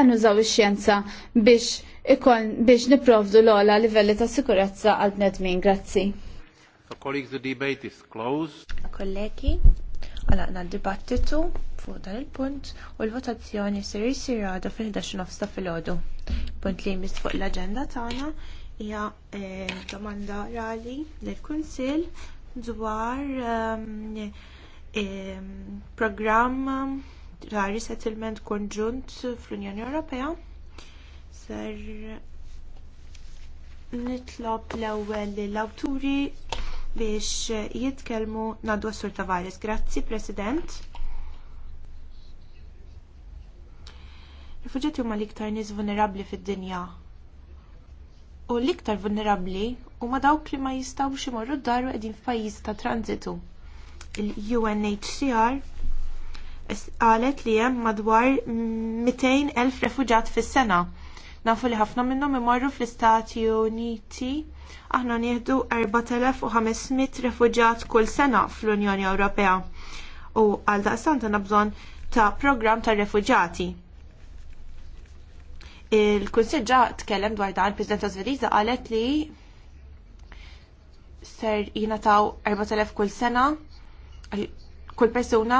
għan użaw ix-xjenza biex ikon biex niprovdu l-ola livelli ta' sikurezza għal bnedmin. Grazzi. Colleagues, the debate is closed. Kollegi, għalaqna dibattitu fuq dan il-punt u l-votazzjoni ser jisir għadu fil-11 nofsta fil-ħodu. Punt li jmiss fuq l-agenda tagħna hija eh, domanda rali lill-Kunsill dwar ehm, ehm, programm dwar resettlement konġunt fl-Unjoni Ewropea. Ser nitlob l-ewwel l-awturi biex jitkellmu ngħaddu s sur Tavares. Grazzi, President. Rifuġġati huma l-iktar nies vulnerabbli fid-dinja. U l-iktar vulnerabbli huma dawk li ma jistgħux imorru d-dar qegħdin f'pajjiż ta' transitu. Il-UNHCR qalet li hemm madwar 200,000 refuġat fis-sena. Nafu li ħafna minnhom imorru fl-Istati Uniti. Aħna nieħdu 4500 refuġat kull sena fl-Unjoni Ewropea. U għal daqstant għandna bżonn ta' programm ta' refuġati. Il-Kunsill ġa tkellem dwar dan, il-Presidenta Zveriza qalet li ser jingħataw 4000 kull sena kull persuna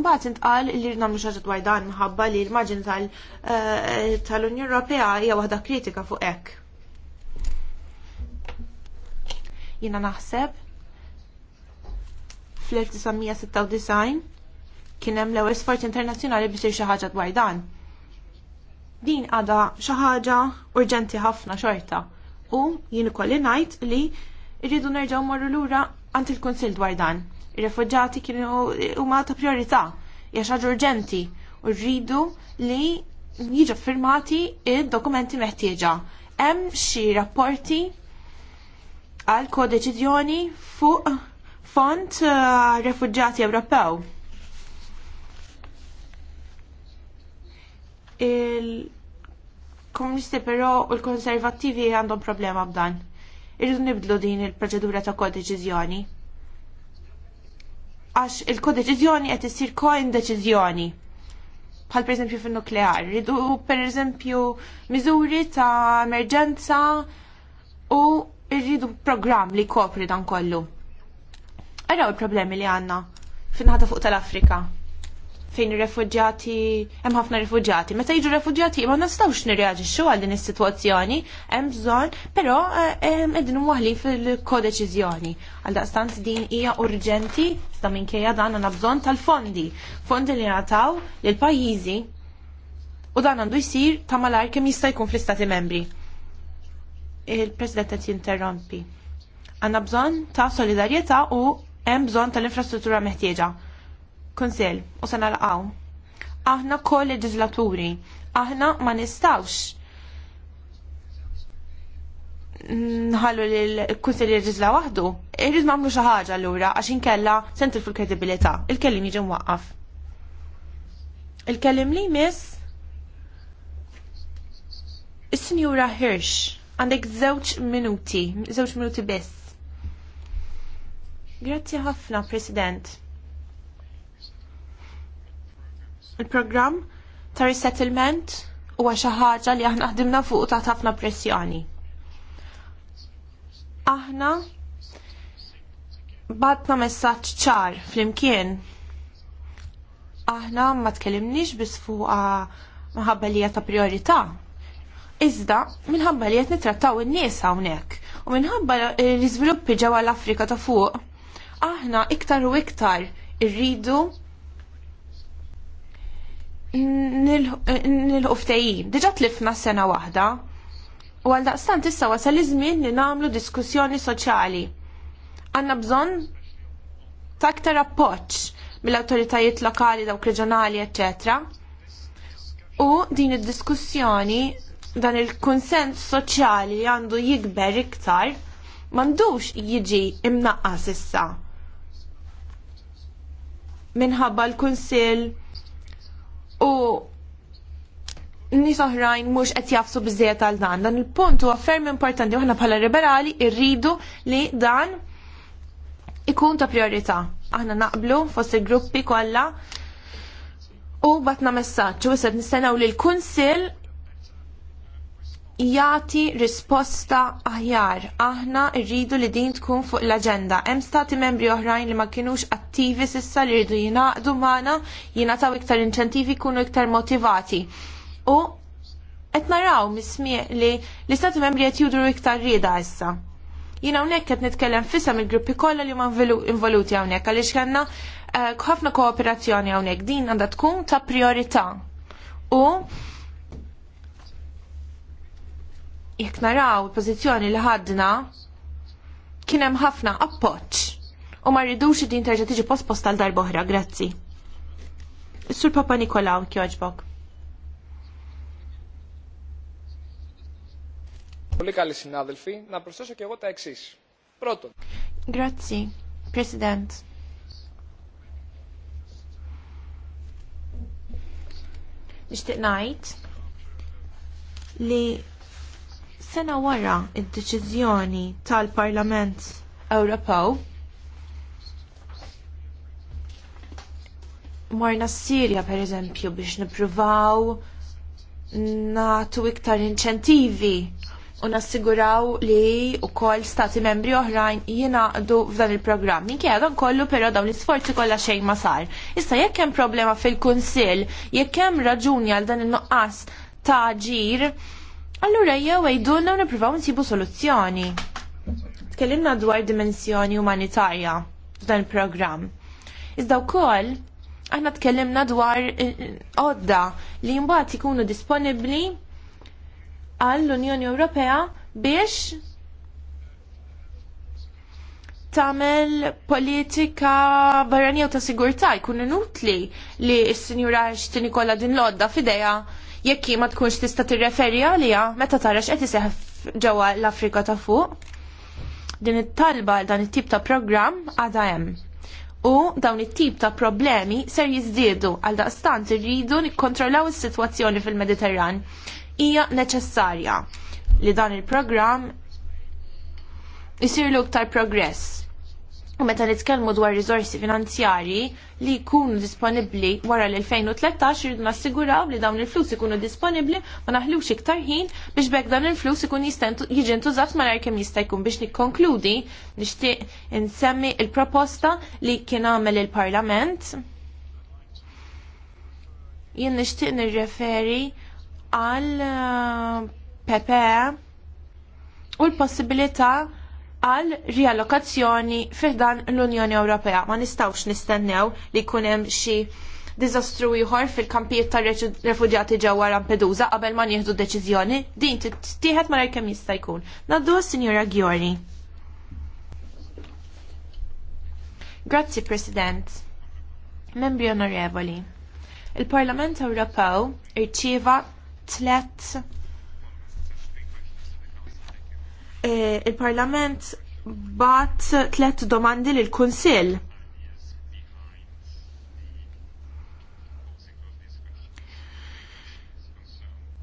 mbagħad e, intqal li nagħmlu xi dwar dan minħabba li l maġin e, tal-Unjoni Europea hija waħda kritika fuq hekk. Jiena naħseb fl-1996 kien hemm l-ewwel sport internazzjonali biex xi ħaġa dwar dan. Din għadha xi ħaġa urġenti ħafna xorta u jien ikolli ngħid li rridu nerġgħu marru lura għand il-Kunsill dwar dan Ir-refugġati kienu huma ta' priorità, hija ħaġa urġenti u rridu li jiġu firmati id-dokumenti meħtieġa. Hemm xi rapporti għal kodeċiżjoni fuq fond uh, eh, refugġati Ewropew. Il-komunisti però u l-konservativi għandhom problema b'dan. Irridu nibdlu din il-proċedura ta' kodeċiżjoni għax il-kodeċizjoni qed issir koin deċizjoni. Bħal pereżempju fin-nuklear, ridu pereżempju miżuri ta' emerġenza u rridu programm li kopri dan kollu. Għaraw il-problemi li għandna fil ħata fuq tal-Afrika fejn ir-refuġjati hemm ħafna refuġjati. Meta jiġu refuġjati ma nistgħux nirreaġixxu għal din is-sitwazzjoni hemm bżonn, però eh, qegħdin waħli fil-kodeċiżjoni. Għal daqstant din hija urġenti sta minkejja dan għandna bżonn tal-fondi, fondi li nataw lil pajjiżi u dan għandu jsir ta' malajr kemm jista' jkun fl-istati membri. Il-President qed jinterrompi. Għandna bżonn ta' solidarjetà u hemm bżonn tal-infrastruttura meħtieġa Konsil, u se nalqaw. Aħna koll leġislaturi, aħna ma nistawx nħallu l-kunsil jirġizla wahdu, irrid mamlu xaħġa l-ura għax inkella center fil kredibilità il-kellim jiġi mwaqqaf. Il-kellim li miss Is-Sinjura Hirsch, għandek żewġ minuti, żewġ minuti biss. Grazzi ħafna, President. Il-programm ta' resettlement huwa xi ħaġa li aħna ħdimna fuq ta' ħafna pressjoni. Aħna batna messaġġ ċar flimkien. Aħna ma tkellimniex biss fuq maħabba li ta' priorità. Iżda, minħabba li qed nittrattaw in-nies hawnhekk u minħabba l-iżviluppi ġewwa l-Afrika ta' fuq, aħna iktar u iktar irridu nilħu eh, ftejjim. Diġa tlifna sena waħda u għal daqstan tissa wasal iż-żmien li nagħmlu diskussjoni soċjali. Għanna bżonn ta' aktar appoġġ mill-awtoritajiet lokali dawk reġjonali, eċetera. U din id-diskussjoni dan il-konsens soċjali li għandu jikber iktar m'għandux jiġi imnaqqas issa minħabba l-kunsill u nis oħrajn mhux qed jafsu biżejjed għal dan. Dan il-punt huwa ferm importanti aħna bħala liberali rridu li dan ikun ta' priorità. Aħna naqblu fost il-gruppi kollha u batna messaġġ u issa nistennew li l-Kunsill jati risposta aħjar. Aħna rridu li din tkun fuq l-agenda. Hemm stati membri oħrajn li ma kienux attivi sissa li rridu jingħaqdu magħna jingħataw iktar inċentivi jkunu iktar motivati. U qed naraw mismieq li l-istati membri qed judru iktar rieda issa. Jiena hawnhekk qed nitkellem fisem il-gruppi kollha li huma involuti hawnhekk għaliex kellna eh, ħafna kooperazzjoni hawnhekk din għandha tkun ta' priorità. U jekk naraw il-pożizzjoni li ħadna kien hemm ħafna appoġġ u ma rridux din terġa' tiġi post tal darba oħra, grazzi. sur Papa Nikolaw kjoġbok. Πολύ καλή συνάδελφη. να προσθέσω και εγώ τα εξή. Πρώτον. Grazie, President. Nishtiq najt li Sena wara id-deċiżjoni tal-Parlament Ewropew morna s-Sirja per eżempju biex nipruvaw natu iktar inċentivi u nassiguraw li u koll stati membri oħrajn jingħaqdu f'dan il-programm. Min kiedan kollu però dawn l isforzi kollha xejn ma sar. Issa jekk hemm problema fil-Kunsill, jekk hemm raġuni għal dan il-nuqqas ta' ġir, Allura jew għajdulna u nsibu soluzzjoni. Tkellimna dwar dimensjoni umanitarja f'dan il-programm. Iżda wkoll aħna tkellimna dwar eh, għodda li mbagħad ikunu disponibbli għall-Unjoni Ewropea biex tagħmel politika barranija ta' sigurtà jkunu inutli li s-sinjura x'tin ikollha din l-għodda f'idejha jekk ma tkunx tista' tirreferi għaliha meta tarax qed iseħħ ġewwa l-Afrika ta' fuq. Din it-talba dan it-tip ta' programm għadha hemm. U dawn it-tip ta' problemi ser jiżdiedu għal daqstant irridu nikkontrollaw is-sitwazzjoni fil-Mediterran. Hija neċessarja li dan il-programm isirlu iktar progress U meta nitkellmu dwar riżorsi finanzjarji li jkunu disponibbli wara l-2013 irridu nassiguraw li dawn il-flus ikunu disponibbli ma naħlux iktar ħin biex bekk dawn il-flus ikun jiġi ntużat malar kemm jista' jkun biex nikkonkludi nixtieq insemmi il-proposta li kien għamel il-Parlament. Jien nixtieq nirreferi għal eh, Pepe u l-possibilità għal riallokazzjoni fiħdan l-Unjoni Ewropea. Ma nistawx nistennew li kunem xi diżastru ieħor fil-kampijiet tar refugjati ġewwa Lampedusa qabel ma nieħdu deċiżjoni din tittieħed mara kemm jista' jkun. Naddu sinjura Gjorni. Grazzi President. Membri onorevoli. Il-Parlament Ewropew irċieva tlet Eh, il-Parlament bat tlet domandi lil kunsill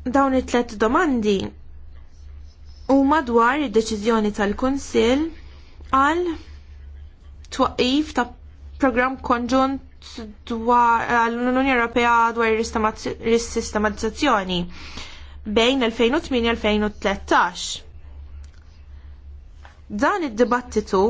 Dawn it-tlet domandi huma dwar id-deċiżjoni tal-Kunsill għal twaqif ta' program konġunt dwar l-Unjoni Ewropea dwar ir-sistematizzazzjoni bejn 2008-2013. Dan id-dibattitu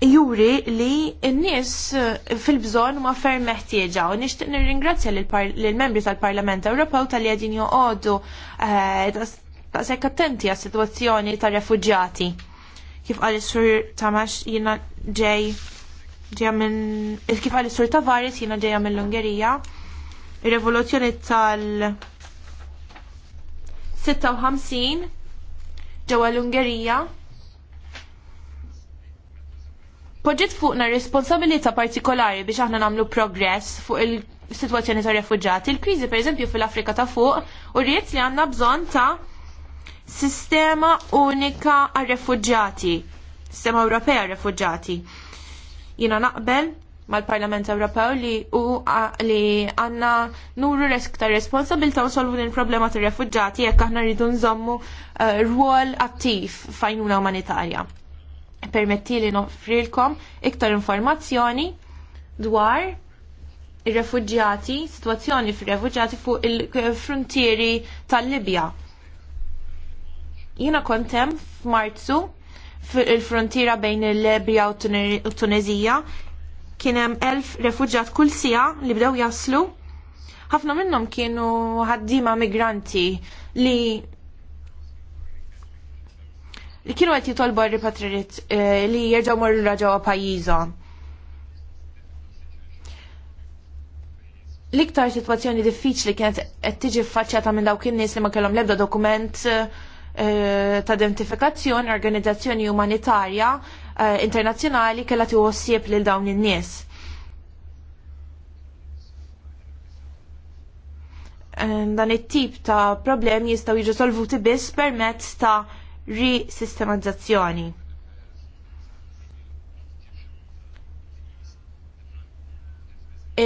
juri li n-nies eh, fil-bżon ma ferm meħtieġa u nixtieq nirringrazzja lill-membri tal-Parlament Ewropew tal-li qegħdin joqogħdu eh, ta' sekk attenti għas situazzjoni ta' refugjati. Kif għal sur Tamax jina ġej ġeja minn kif għal sur Tavares jina ġeja minn l-Ungerija. Rivoluzzjoni tal 56 ġewwa l-Ungerija poġġiet fuqna responsabilità partikolari biex aħna nagħmlu progress fuq il-sitwazzjoni ta' refuġati. Il-kriżi pereżempju fil-Afrika ta' fuq u rrit li għandna bżonn ta' sistema unika għar refuġġati sistema Ewropea refuġġati. Jina naqbel mal-Parlament Ewropew li u li għanna nuru resk ta' u solvu din problema ta' refugġati jekk aħna rridu nżommu eh, rwol attiv fajnuna umanitarja. Permetti li nofrilkom iktar informazzjoni dwar ir-refugġati, situazzjoni fir-refugġati fuq il-frontieri tal-Libja. Jiena kontem f'Marzu fil-frontiera bejn il-Libja u Tunezija kien hemm elf refuġġat kull sija li bdew jaslu. Ħafna minnhom kienu ħaddiema migranti li li kienu qed jitolbu r eh, li jerġgħu morru raġaw pajjiżhom. L-iktar sitwazzjoni diffiċli kienet qed tiġi ffaċċjata minn dawk in-nies li ma kellhom l-ebda dokument eh, ta' identifikazzjoni, organizzazzjoni umanitarja Eh, internazzjonali kellha li lil dawn in-nies. Ehm, dan it-tip ta' problemi jistgħu jiġu solvuti biss permezz ta' risistemazzazzjoni.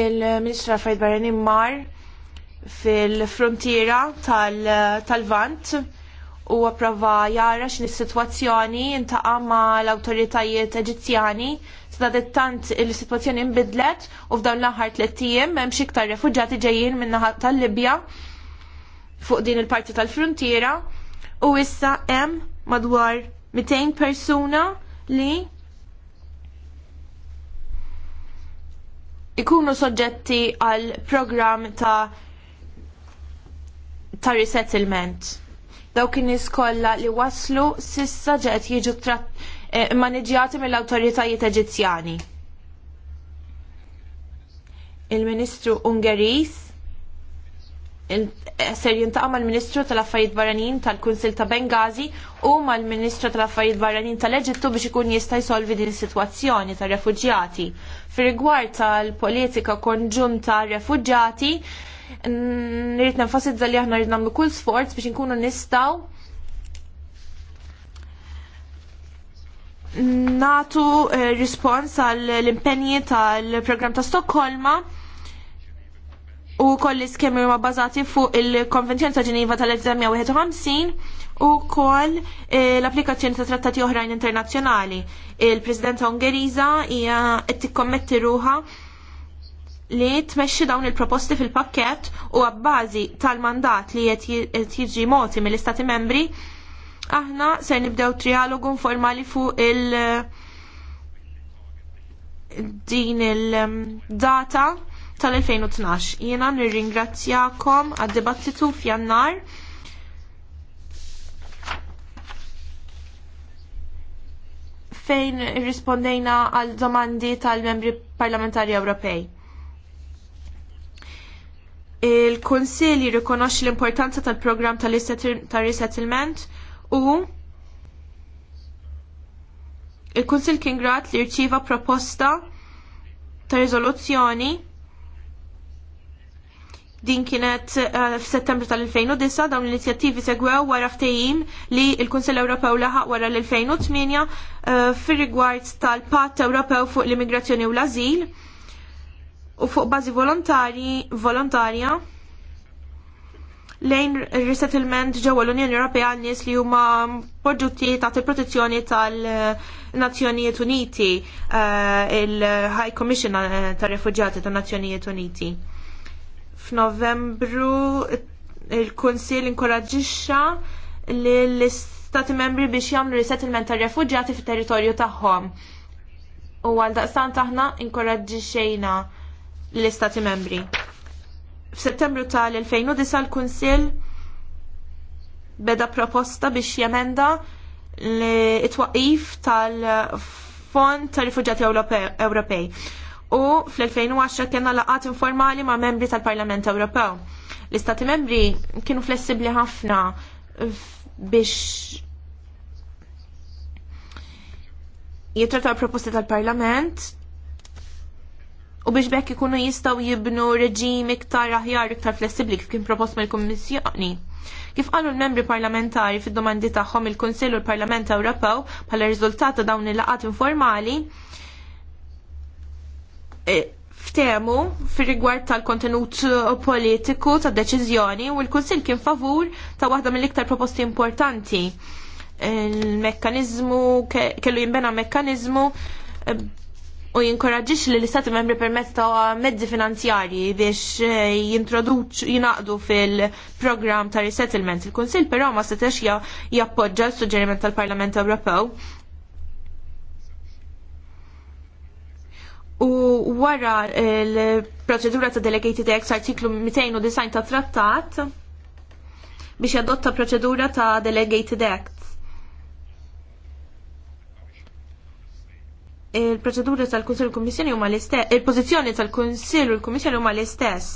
il-Ministra Fajd Barani Mar fil-frontiera tal-Vant tal vant u approva jara xin is-sitwazzjoni intaqa' ma' l-awtoritajiet Eġizzjani tant il-sitwazzjoni nbidlet u f'dawn l-aħħar tliet ijiem hemm iktar refuġġati ġejjin min-naħa tal-Libja fuq din il-parti tal-frontiera u issa hemm madwar 200 persuna li ikunu soġġetti għal program ta' ta' resettlement. Dawk in-nies kollha li waslu sissa ġet jiġu tratt e, maniġjati mill-awtoritajiet Eġizzjani. Il-Ministru Ungeris e, ser jintaqa' mal-Ministru tal-Affarijiet Barranin tal-Kunsil ta' Bengazi u mal-Ministru tal-Affarijiet Barranin tal-Eġittu biex ikun jista' jsolvi din is-sitwazzjoni tar-refuġjati. Fir-rigward tal-politika konġunta refuġjati, nirrit nenfasizza li aħna rrid nagħmlu kull sforz biex inkunu nistaw natu eh, rispons għall impenji tal-programm ta' Stokholma u kolli skemmi ma bazati fuq il-Konvenzjoni ta' Ġeniva tal-1951 u koll eh, l-applikazzjoni ta' trattati oħrajn internazzjonali. il presidenta Ungheriża hija qed tikkommetti ruha li tmexxi dawn il-proposti fil-pakket u għabbażi tal-mandat li qed jiġi moti mill-Istati membri, aħna se nibdew trialogu informali fuq il- din il-data um, tal-2012. Jiena nirringrazzjakom għad-dibattitu f'jannar. fejn rispondejna għal domandi tal-membri parlamentari Ewropej il-Kunsill jirrikonoxxi l-importanza tal-programm tal-resettlement u il-Kunsill kien grat li rċieva proposta ta' riżoluzzjoni din kienet uh, f'Settembru tal-2009 dawn l-inizjattivi segwew wara ftehim li l kunsill Ewropew laħaq wara l-2008 uh, fir-rigward tal-Patt Ewropew fuq l-Immigrazzjoni u l-Ażil u fuq bażi volontari volontarja lejn resettlement ġewwa l-Unjoni Ewropea nies li huma poġġuti ta' protezzjoni tal-Nazzjonijiet Uniti, eh, il-High Commission tar-Refuġjati tan-Nazzjonijiet Uniti. F'Novembru il-Kunsill inkoraġġixxa lill-Istati membri biex jagħmlu resettlement tar-refuġjati fit-territorju tagħhom. U għal daqstant aħna inkoraġġixxejna l-Istati membri. F'Settembru tal-2009 l-Kunsill beda proposta biex jemenda it-twaqif tal-Fond tal rifugjati Ewropej. U fl-2010 kena laqat informali ma' membri tal-Parlament Ewropew. L-Istati membri kienu flessibli ħafna biex jitrata proposti tal-Parlament u biex bekk ikunu jistaw jibnu reġim iktar aħjar iktar flessibli kif kien propost mill-Kummissjoni. Kif qalu l-membri parlamentari fid-domandi tagħhom il-Kunsill u l-Parlament Ewropew bħala riżultat ta' dawn il-laqat informali, e, ftemu fir rigward tal-kontenut politiku ta' deċiżjoni u l-Kunsill kien favur ta' waħda mill-iktar proposti importanti. Il-mekkanizmu, kellu jimbena mekkanizmu u jinkoraġġix li l-istati membri permezz ta' mezzi finanzjarji biex eh, jintroduċ jinaqdu fil program ta' resettlement. Il-Kunsill però ma setax jappoġġa l-suġġeriment tal-Parlament Ewropew. U wara eh, l-proċedura ta' delegated ex artiklu 209 ta' trattat biex jadotta proċedura ta' delegated act il-proċeduri tal-Kunsil u l-Kummissjoni huma l-istess, il-pożizzjoni tal-Kunsil u l-Kummissjoni huma l-istess.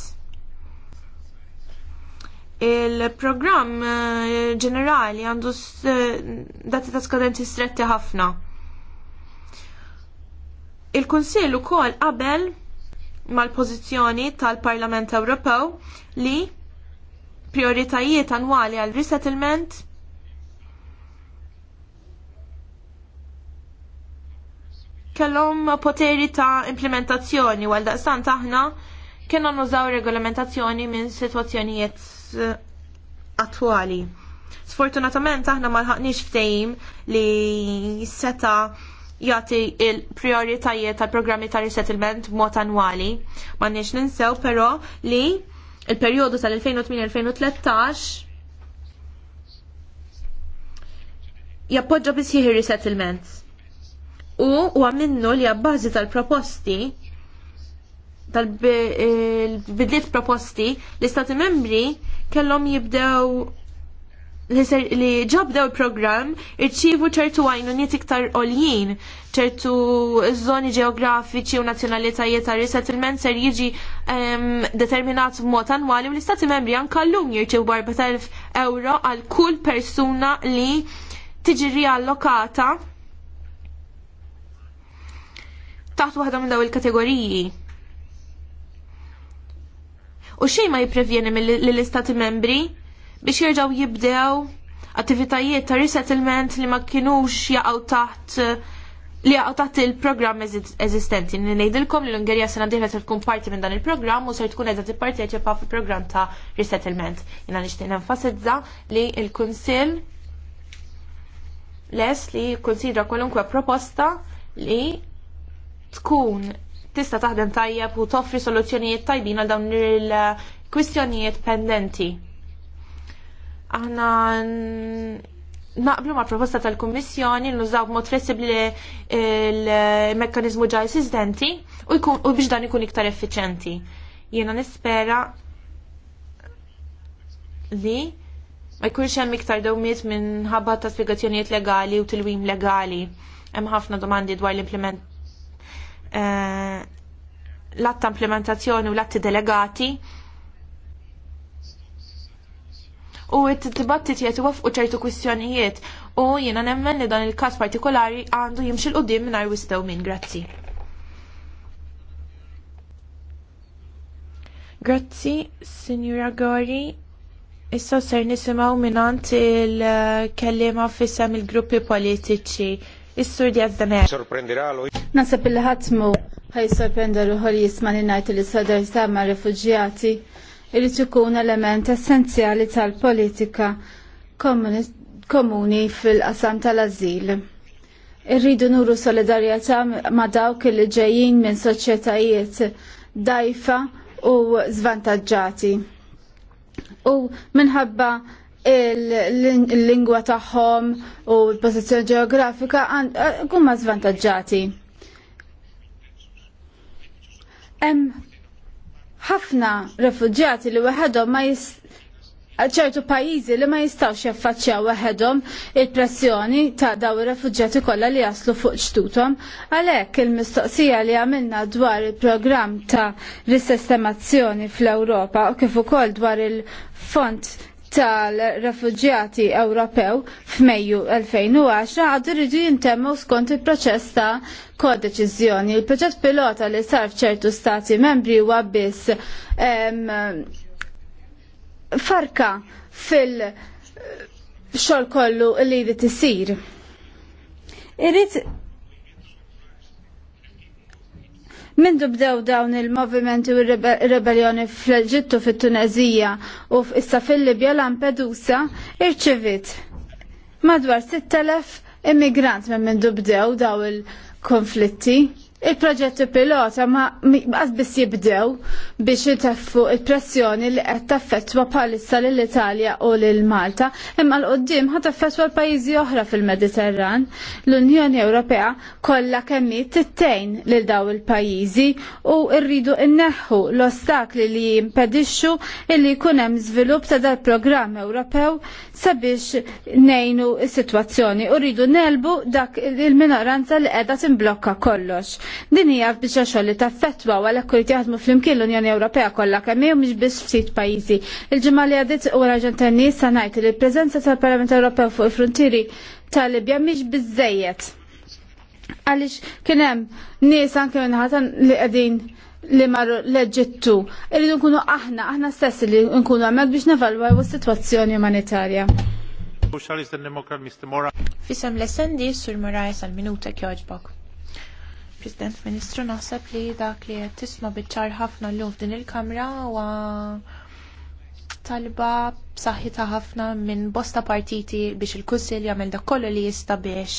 Il-programm eh, ġenerali għandu eh, dati ta' skadenti stretti ħafna. Il-Kunsil ukoll qabel mal-pożizzjoni tal-Parlament Ewropew li prioritajiet annwali għal resettlement kellhom poteri ta' implementazzjoni għal daqstan taħna kienu nużaw regolamentazzjoni minn situazzjonijiet eh, attwali. Sfortunatament aħna ma lħaqniex ftehim li seta' jati il-prioritajiet tal-programmi ta' resettlement b'mod annwali. Ma nix ninsew però li il-periodu tal-2008-2013 jappoġġa bisħiħi resettlement u għamilnu li għabbażi tal-proposti tal-bidliet proposti l-istati membri kellhom jibdew li ġabdew il-programm irċivu ċertu għajnuniet iktar oljien, ċertu zoni ġeografiċi u nazzjonalitajiet ta' resettlement ser jiġi determinat mod annwali u l-istati membri għankallum jirċivu 4.000 euro għal kull persuna li tiġi riallokata taħt waħda minn daw il-kategoriji. U xejn ma jipprevjeni mill-istati membri biex jerġgħu jibdew attivitajiet ta' resettlement li ma kinux jaqgħu taħt li jaqgħu taħt il-programm eżistenti. Ngħidilkom li l-Ungerija sena diħla se tkun parti minn dan il-programm u se tkun qiegħda tipparteċipa fil-programm ta' resettlement. Jiena nixtieq nenfasizza li l-Kunsill les li jikkunsidra kwalunkwe proposta li tkun tista' taħdem tajjeb u toffri soluzzjonijiet tajbin għal dawn il-kwistjonijiet pendenti. Aħna naqblu ma' proposta tal-Kummissjoni nużaw b'mod flessibli il-mekkanizmu ġa esistenti u, u biex dan ikun iktar effiċenti. Jiena nispera li ma jkunx hemm iktar dewmiet minħabba ta' spjegazzjonijiet legali u tilwim legali. Hemm ħafna domandi dwar l-implement Eh, l-att ta' implementazzjoni u l att delegati u t-tibattit jiet u ċertu kwistjonijiet u jiena nemmen li dan il-kas partikolari għandu jimxil dim mingħajr wistew minn grazzi. Grazzi, Signora Gori. Issa ser nisimaw minnant il-kellima fissam il-gruppi politiċi. Is-sur Diaz Damer. Sorprenderà lo. Nasab il-ħatmu ħaj sorprenda ruħol jisma li najt li sadar sama refugjati irrid ikun element essenzjali tal-politika komuni fil-qasam tal-azil. Irridu nuru solidarjetà ma' dawk li ġejjin minn soċjetajiet dajfa u zvantaġġati. U minħabba il-lingwa tagħhom u l-pożizzjoni ġeografika eh, kumma zvantagġati. Hemm ħafna refuġjati li waħedhom ma jis ċertu pajjiżi li ma jistawx jaffaċċjaw waħedhom il-pressjoni ta' daw ir refuġġjati kollha li jaslu fuq ġtutom, għalhekk il-mistoqsija li għamilna dwar il-programm ta' risistemazzjoni fl-Ewropa u kif ukoll dwar il-Fond tal refuġjati Ewropew f'Mejju 2010 għadu rridu jintemmu skont il-proċess ta' kodeċiżjoni. Il-proġett pilota li sar ċertu stati membri huwa biss farka fil-xol kollu li jrid isir. Irid Mindu bdew dawn il-movimenti u il-rebellioni fl-Eġittu fit-Tunezija u issa fil-Libja Lampedusa irċivit madwar 6000 immigrant minn mindu bdew daw il-konflitti il proġett pilota ma biss jibdew biex jitaffu il-pressjoni li qed taffettwa bħalissa lill-Italja u lil malta imma l-qoddim ħat taffetwa l-pajjiżi oħra fil-Mediterran. L-Unjoni Ewropea kollha kemm tittejn lil daw il-pajjiżi u rridu inneħħu l-ostakli li jimpedixxu illi jkun hemm żvilupp ta' dal-programm Ewropew sabiex nejnu s-sitwazzjoni u rridu nelbu dak il-minoranza li qiegħda timblokka kollox. Din hija biċċa xogħol li taffettwa u kull jaħdmu flimkien l-Unjoni Ewropea kollha kemm hija mhix biss ftit pajjiżi. Il-ġimgħa li għadiet raġun ġentan nisa ngħid li l-preżenza tal-Parlament Ewropew fuq il-frontieri tal-Libja mhix biżejjed. Għaliex kien hemm nies anke minħatan li qegħdin li marru leġittu. Irridu nkunu aħna, aħna stessi li nkunu għamek biex nevalwaw is situazzjoni umanitarja. Fisem l-essendi sur Moraes għal-minuta kjoġbok. President Ministru, naħseb li dak li qed tisma' biċċar ħafna llum f'din il-Kamra huwa talba b'saħħitha ħafna minn bosta partiti biex il-Kunsill jagħmel dak kollu li jista' biex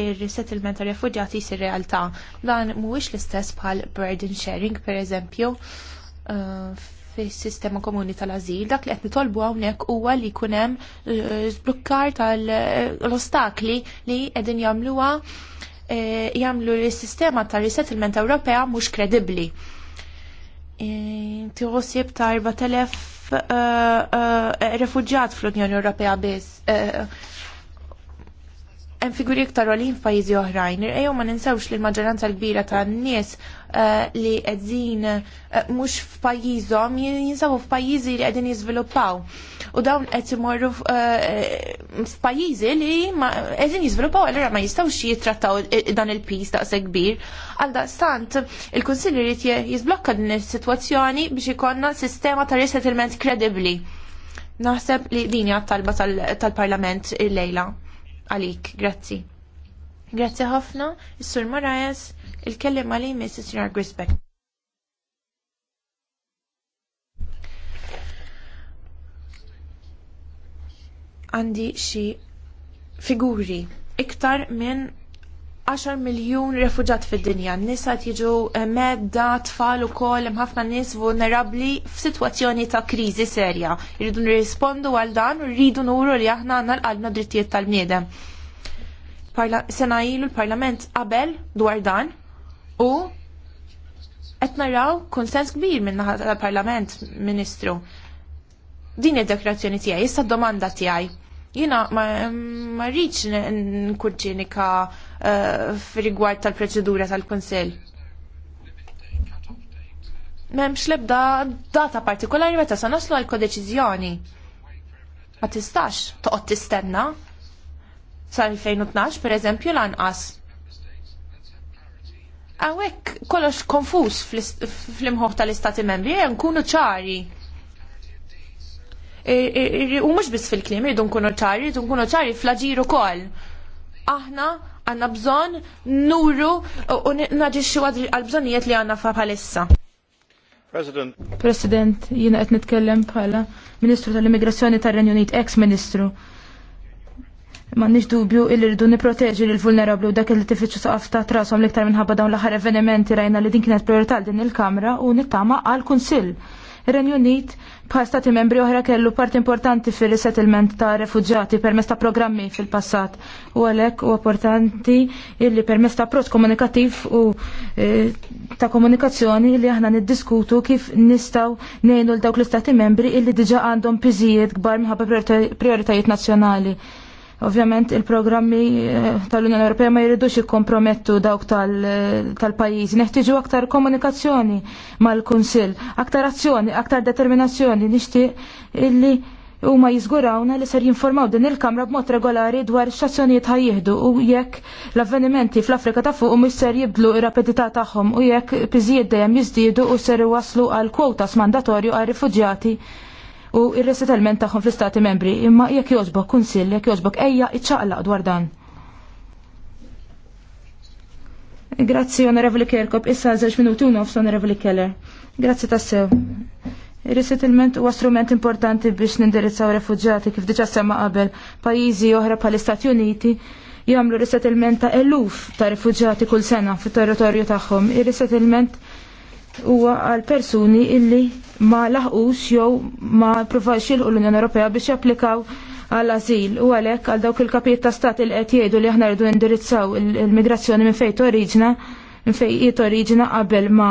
ir-resettlement ta' refuġjati jsir realtà. Dan mhuwiex l-istess bħal burden sharing pereżempju uh, fis-sistema komuni tal-azil, dak li qed nitolbu hawnhekk huwa li jkun hemm żblukkar uh, tal-ostakli uh, li qegħdin jagħmluha E, jamlu jagħmlu li s-sistema ta' resettlement Ewropea mhux kredibbli. E, Tiħossib ta' 4000 e, e, uh, fl-Unjoni Ewropea biss hemm figuri iktar għolin f'pajjiżi oħrajn. Ejjew ma ninsewx li l-maġġoranza kbira ta' nies eh, li qegħdin eh, mhux f'pajjiżhom jinsabu f'pajjiżi li qegħdin jiżviluppaw. U dawn qed imorru eh, f'pajjiżi li qegħdin jiżviluppaw allura ma jistgħux jittrattaw dan il-pis daqshekk kbir. Għal daqstant il-Kunsill irid jiżblokka din is-sitwazzjoni biex ikollna sistema ta' resettlement kredibbli. Naħseb li din hija talba tal-Parlament il-lejla għalik, grazzi. Grazzi ħafna, s sur Marajas, il-kellim għali Mrs. Sinar Grisbeck. Għandi xie figuri iktar minn 10 miljun refuġat fid-dinja. Nisa jiġu eh, medda, tfal ukoll hemm ħafna nies vulnerabbli f'sitwazzjoni ta' kriżi serja. Irridu nirrispondu għal dan u rridu nuru li aħna għandna l-qalbna drittijiet tal-bniedem. Sena ilu l-Parlament qabel dwar dan u qed naraw konsens kbir minn naħa tal-Parlament Ministru. Din id-deklarazzjoni tiegħi, issa d-domanda tiegħi Jina ma rridx nkun ka f'rigward tal-proċedura tal-Kunsill. M'hemmx l-ebda data partikolari meta sa naslu għal kodeċiżjoni. Ma tistax toqgħod tistenna sa 2012 pereżempju lanqas. Għawek kollox konfus fl-imħuħ tal-istati membri, nkunu ċari u mhux biss fil-kliem, jidun nkunu ċari, jidun nkunu ċari fl ġiru kol. Aħna għandna bżonn nuru u naġixxu għall-bżonnijiet li għandna fa' palissa. President. President, jina qed nitkellem bħala Ministru tal-Immigrazzjoni tar-Renju Unit, ex-Ministru. Ma nix dubju illi rridu niproteġi l vulnerabli u dak li tifiċu saqaf ta' trasom liktar minnħabba dawn l-aħħar avvenimenti rajna li din kienet priorità din il-Kamra u nittama għal kunsill Renjonit, renju Unit bħal stati membri oħra kellu part importanti fil-resettlement ta' refugġati permess ta' programmi fil-passat u għalek u importanti illi permess ta' approċ komunikativ u e, ta' komunikazzjoni li aħna niddiskutu kif nistaw nejnu l-dawk l-istati membri illi diġa għandhom piżijiet gbar minħabba prioritajiet nazjonali. Ovvjament il-programmi eh, tal-Unjoni Ewropea ma jridux jikkompromettu dawk eh, tal-pajjiżi. Neħtieġu aktar komunikazzjoni mal-Kunsill, aktar azzjoni, aktar determinazzjoni nixtieq illi huma jiżgurawna li ser jinformaw din il-Kamra b'mod regolari dwar x'azzjonijiet ħajjieħdu u jekk l-avvenimenti fl-Afrika ta' fuq mhux ser jibdlu ir-rapidità tagħhom u jekk piżijiet dejjem jiżdiedu u ser iwaslu għal kwotas mandatorju għal rifuġjati u ir-resettlement tagħhom fl-istati membri imma jekk jogħġbok kunsill jekk jogħġbok ejja iċċaqlaq dwar dan. Grazzi Onorevoli Kerkop, issa żewġ minuti u nofs Onorevoli Keller. Grazzi tassew. Ir-resettlement huwa strument importanti biex nindirizzaw refuġġati kif diġà sema qabel pajjiżi oħra bħall-Istati Uniti jagħmlu resettlement ta' eluf ta' refuġġati kull sena fit-territorju tagħhom. Ir-resettlement huwa għal persuni illi ma laħqux jew ma provax jilqu l-Unjoni Ewropea biex japplikaw għal azil u għalhekk għal dawk il-kapijiet ta' stat il qed jgħidu li aħna rridu indirizzaw il-migrazzjoni minn fejn toriġna minn fejn toriġna qabel ma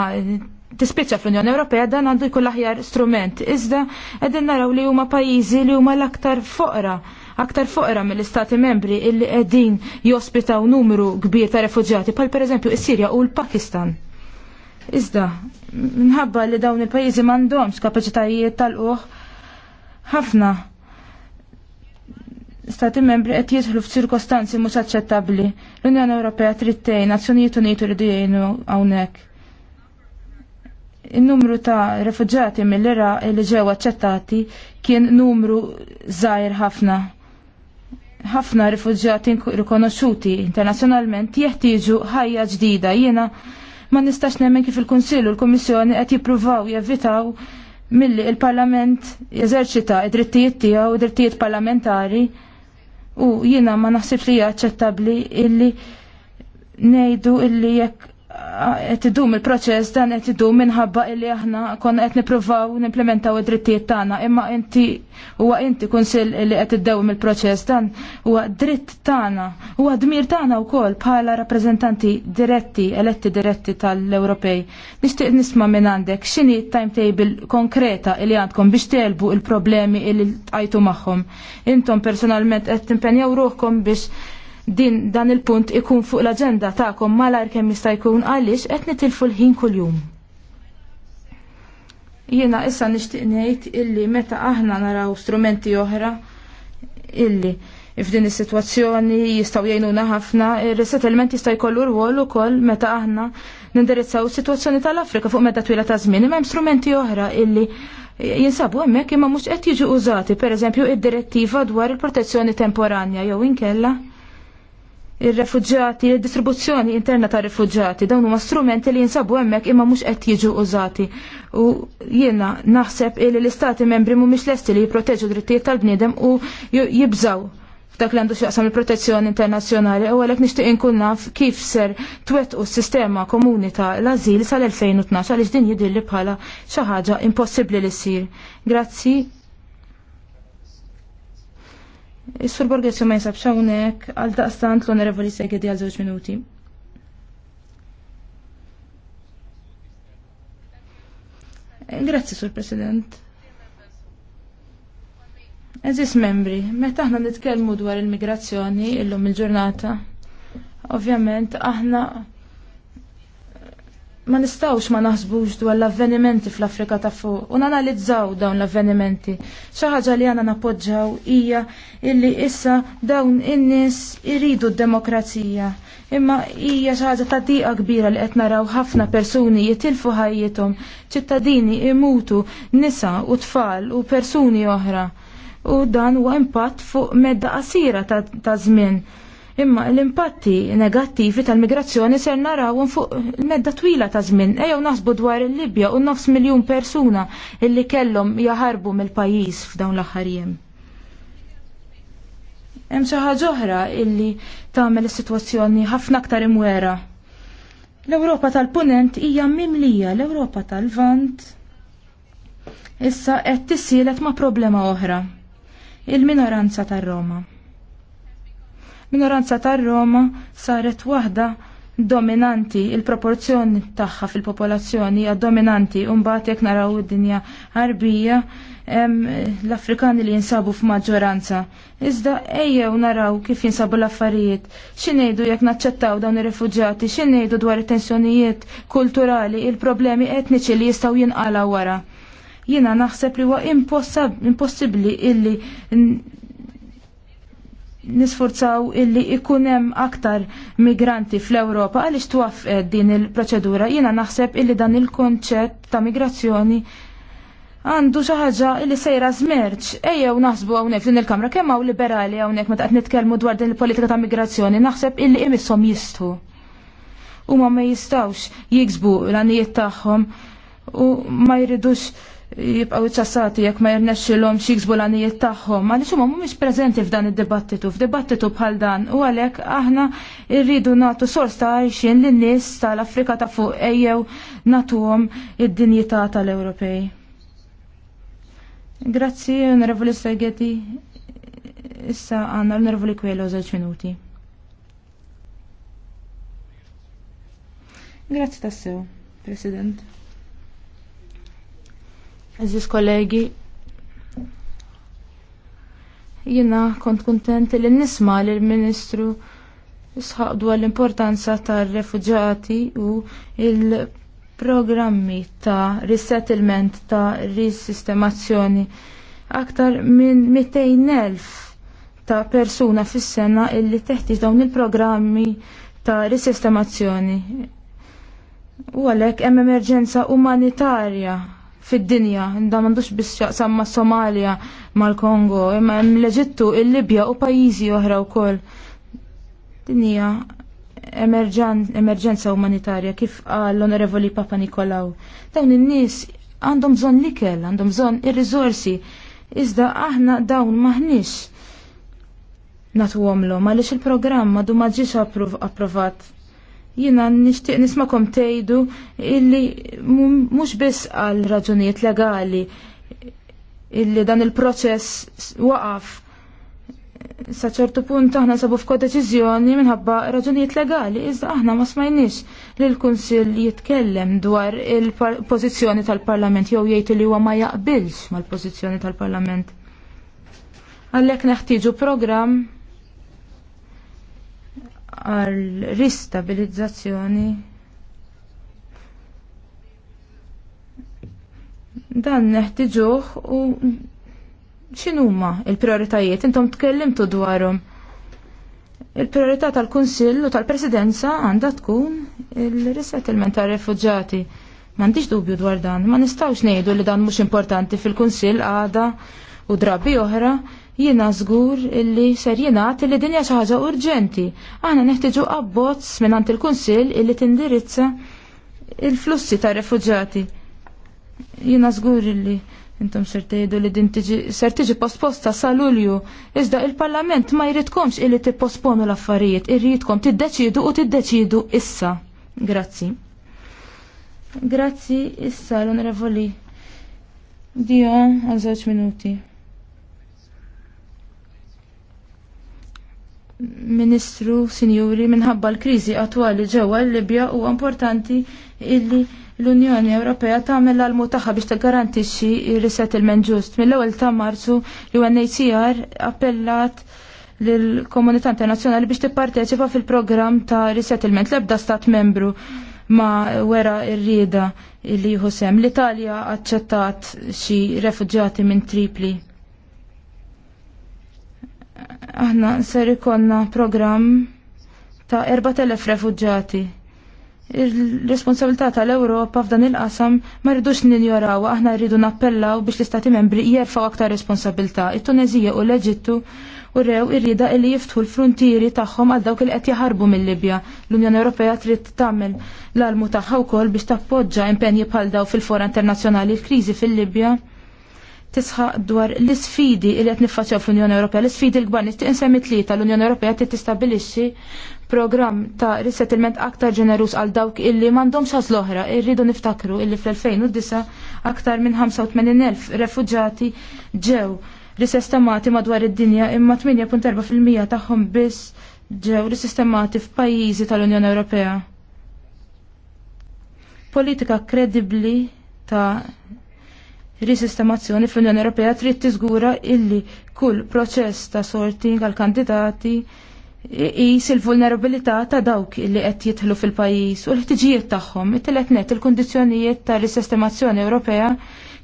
tispiċċa fl-Unjoni Ewropea dan għandu jkun l-aħjar strument. Iżda qegħdin naraw li huma pajjiżi li huma l-aktar foqra aktar foqra mill-istati membri illi qegħdin jospitaw numru kbir ta' refuġjati bħal pereżempju is-Sirja u l-Pakistan. Iżda, minħabba li dawn il-pajjiżi m'għandhomx kapaċitajiet tal-uħ ħafna stati membri qed jidħlu f'ċirkostanzi mhux aċċettabbli. L-Unjoni Ewropea trid tgħin Nazzjonijiet Uniti rridu jgħinu hawnhekk. In-numru ta' refugġati mill-Iraq li ġew aċċettati kien numru żgħir ħafna. Ħafna rifuġġati rikonoxxuti internazzjonalment jeħtieġu ħajja ġdida jiena ma nistax nemmen kif il-Kunsill u l-Kummissjoni qed jippruvaw jevitaw milli il-Parlament jeżerċita id-drittijiet tiegħu u drittijiet parlamentari u jiena ma naħsibx li hija aċċettabbli illi ngħidu illi jekk qed idum il-proċess dan qed idum minħabba illi aħna konna qed nippruvaw nimplementaw id-drittijiet tagħna, imma inti huwa inti kunsill illi qed iddew il-proċess dan huwa dritt tagħna, huwa dmir tagħna wkoll bħala rappreżentanti diretti, eletti diretti tal-Ewropej. Nixtieq nisma' minn għandek x'inhi timetable konkreta illi għandkom biex telbu il-problemi illi tqajtu magħhom. Intom personalment qed timpenjaw ruhkom biex din dan il-punt ikun fuq l-agenda ta'kom malajr kemm jista' jkun għaliex qed nitilfu l-ħin kuljum. Jiena issa nixtieq ngħid illi meta aħna naraw strumenti oħra illi f'din is-sitwazzjoni jistgħu jgħinuna ħafna, ir-resettlement jista' jkollu rwol ukoll meta aħna nindirizzaw is-sitwazzjoni tal-Afrika fuq meta twila ta' żmien, imma hemm strumenti oħra illi jinsabu hemmhekk imma mhux qed jiġu użati, pereżempju id-direttiva dwar il-protezzjoni temporanja jew inkella ir refugġati id-distribuzzjoni interna ta' refuġġati, dawn huma strumenti li jinsabu hemmhekk imma mhux qed jiġu użati. U jiena naħseb li l-istati membri mhumiex lesti li jipproteġu drittijiet tal-bniedem u jibżaw f'dak li għandu x'jaqsam il-protezzjoni internazzjonali u għalhekk nixtieq inkun naf kif ser twettqu s-sistema komuni ta' l-ażil sal-2012 għaliex din jidilli bħala xi ħaġa impossibbli li sir. Grazzi Is-sur Borgesio ma jinsabx hawnhekk għal daqstant l-onorevoli segedi għal żewġ minuti. Grazzi, sur President. Eżis membri, meta aħna nitkellmu dwar il-migrazzjoni illum il-ġurnata, ovvjament aħna ma nistawx ma naħsbux dwar l-avvenimenti fl-Afrika ta' fuq u nanalizzaw dawn l-avvenimenti. Xi ħaġa li għana napoġġaw hija illi issa dawn in-nies iridu d-demokrazija. Imma hija xi ħaġa ta' diqa kbira li qed naraw ħafna persuni jitilfu ħajjithom, ċittadini imutu, nisa u tfal u persuni oħra. U dan huwa impatt fuq medda qasira ta' żmien. Ta Imma l-impatti negattivi tal-migrazzjoni ser naraw fuq medda twila ta' żmien. Ejjew naħsbu dwar il-Libja u nofs miljun persuna illi kellhom jaħarbu mill-pajjiż f'dawn l-aħħar jiem. Hemm xi ħaġa oħra illi tagħmel is-sitwazzjoni ħafna aktar imwera. L-Ewropa tal-Punent hija mimlija l-Ewropa tal-Vant issa qed tissielet ma' problema oħra il-minoranza tar-Roma minoranza tar-Roma saret waħda dominanti, il-proporzjoni tagħha fil-popolazzjoni hija dominanti u mbagħad jekk naraw id-dinja ħarbija l-Afrikani li jinsabu f'maġġoranza. Iżda ejjew naraw kif jinsabu l-affarijiet, xinejdu jekk naċċettaw dawn ir-refuġjati, xinejdu dwar it-tensjonijiet kulturali, il-problemi etniċi li jistgħu jinqala wara. Jiena naħseb li huwa impossibbli illi nisforzaw illi ikunem aktar migranti fl-Europa għalix twaffqet din il-proċedura jina naħseb illi dan il-konċett ta' migrazzjoni għandu xi ħaġa li sejra żmerġ. Ejjew naħsbu hawnhekk din il-Kamra kemm hawn liberali hawnhekk meta qed nitkellmu dwar din il-politika ta' migrazzjoni naħseb illi imissom jistu Huma ma jistawx jiksbu l-għanijiet tagħhom u ma jridux jibqaw iċċassati jekk ma jirnexxilhom xi jiksbu l-għanijiet tagħhom, Ma huma mhumiex preżenti f'dan id-dibattitu, f'dibattitu bħal dan, u għalhekk aħna rridu nagħtu sors ta' għajxin lin-nies tal-Afrika ta' fuq ejjew nagħtuhom id-dinjità tal-Ewropej. Grazzi, onorevoli Segeti. Issa għanna l-onorevoli Kwelo żewġ minuti. Grazzi tassew, President. Aziz kollegi, jina kont kontent li nisma li l-Ministru sħaqdu l-importanza tar refugġati u il-programmi ta' resettlement ta' risistemazzjoni aktar minn 200.000 ta' persuna fis-sena illi teħti dawn il-programmi ta' risistemazzjoni u għalek hemm emerġenza umanitarja fid-dinja, da mandux biss jaqsam ma' Somalia, mal-Kongo, imma hemm l-Eġittu, il-Libja u pajjiżi oħra wkoll. Din hija emerġenza umanitarja kif għall l-Onorevoli Papa Nikolaw. Dawn in-nies għandhom bżonn l-ikel, għandhom bżonn ir rizorsi Iżda aħna dawn maħniex natu għomlu, għaliex il-programm du maġġiex approvat. Jina nishtiq nismakom tejdu illi mux biss għal raġunijiet legali illi dan il-proċess waqaf saċertu punt aħna sabu fko deċizjoni minħabba raġunijiet legali, iżda aħna ma smajniex li l-Kunsill jitkellem dwar il-pożizzjoni tal-Parlament jew jgħid li huwa ma jaqbilx mal-pożizzjoni tal-Parlament. Għalhekk neħtieġu programm għal ristabilizzazzjoni dan neħtiġuh u x'inhuma il-prioritajiet intom tkellimtu dwarhom. Il-priorità tal-Kunsill u tal-Presidenza għandha tkun il-resettlement tar-refuġġati. M'għandix dubju dwar dan, ma nistgħux ngħidu li dan mhux importanti fil-Kunsill għada u drabi oħra Jiena żgur illi ser jingħad illi dinja xi ħaġa urġenti. Aħna neħtieġu abbozz mingħand il-Kunsill illi tindirizza il-flussi ta' refugġati. Jiena żgur illi intom ser tejdu li din ser tiġi posposta sa Lulju, iżda il-Parlament ma jridkomx illi tipposponu l-affarijiet, irridkom tiddeċidu u tiddeċidu issa. Grazzi. Grazzi issa l-Onorevoli Dion għal żewġ minuti. Ministru, Sinjuri, minħabba l-kriżi attwali ġewwa l-Libja huwa importanti illi l-Unjoni Ewropea tagħmel l-almu tagħha biex tiggarantixxi r-resettlement ġust. Mill-ewwel ta' Marzu l-UNHCR appellat lill-komunità internazzjonali biex tipparteċipa fil-programm ta' resettlement l-ebda stat membru ma wera r-rieda li jieħu sem. L-Italja aċċettat xi refuġjati minn Tripli aħna ser ikonna program ta' 4000 refugġati. Il-responsabilità tal-Ewropa f'dan il-qasam ma rridux ninjoraw, aħna rridu nappellaw biex l-Istati membri jerfaw aktar responsabilità. It-Tunezija u l-Eġittu u rew irrida illi jiftħu l-frontieri tagħhom għal dawk il qed jaħarbu mill-Libja. L-Unjoni Ewropea trid tagħmel l-almu tagħha wkoll biex tappoġġa impenji bħal daw fil-fora internazzjonali l-kriżi fil-Libja tisħaq dwar l-isfidi li qed niffaċċjaw fl-Unjoni Ewropea, l-isfidi l-kbar nixtieq insemmi tlieta l-Unjoni Ewropea qed tistabbilixxi programm ta' resettlement aktar ġenerus għal dawk illi m'għandhomx ħas l-oħra, irridu niftakru illi fl-2009 aktar minn 85,000 refuġati ġew risestemati madwar id-dinja imma 8.4% tagħhom biss ġew risestemati f'pajjiżi tal-Unjoni Ewropea. Politika kredibbli ta' risistemazzjoni fl-Unjoni Ewropea trid tiżgura illi kull proċess ta' sorting għal kandidati jis il-vulnerabilità ta' dawk illi qed jidħlu fil-pajjiż u l-ħtiġijiet tagħhom. It-telet net il-kundizzjonijiet ta' risistemazzjoni Ewropea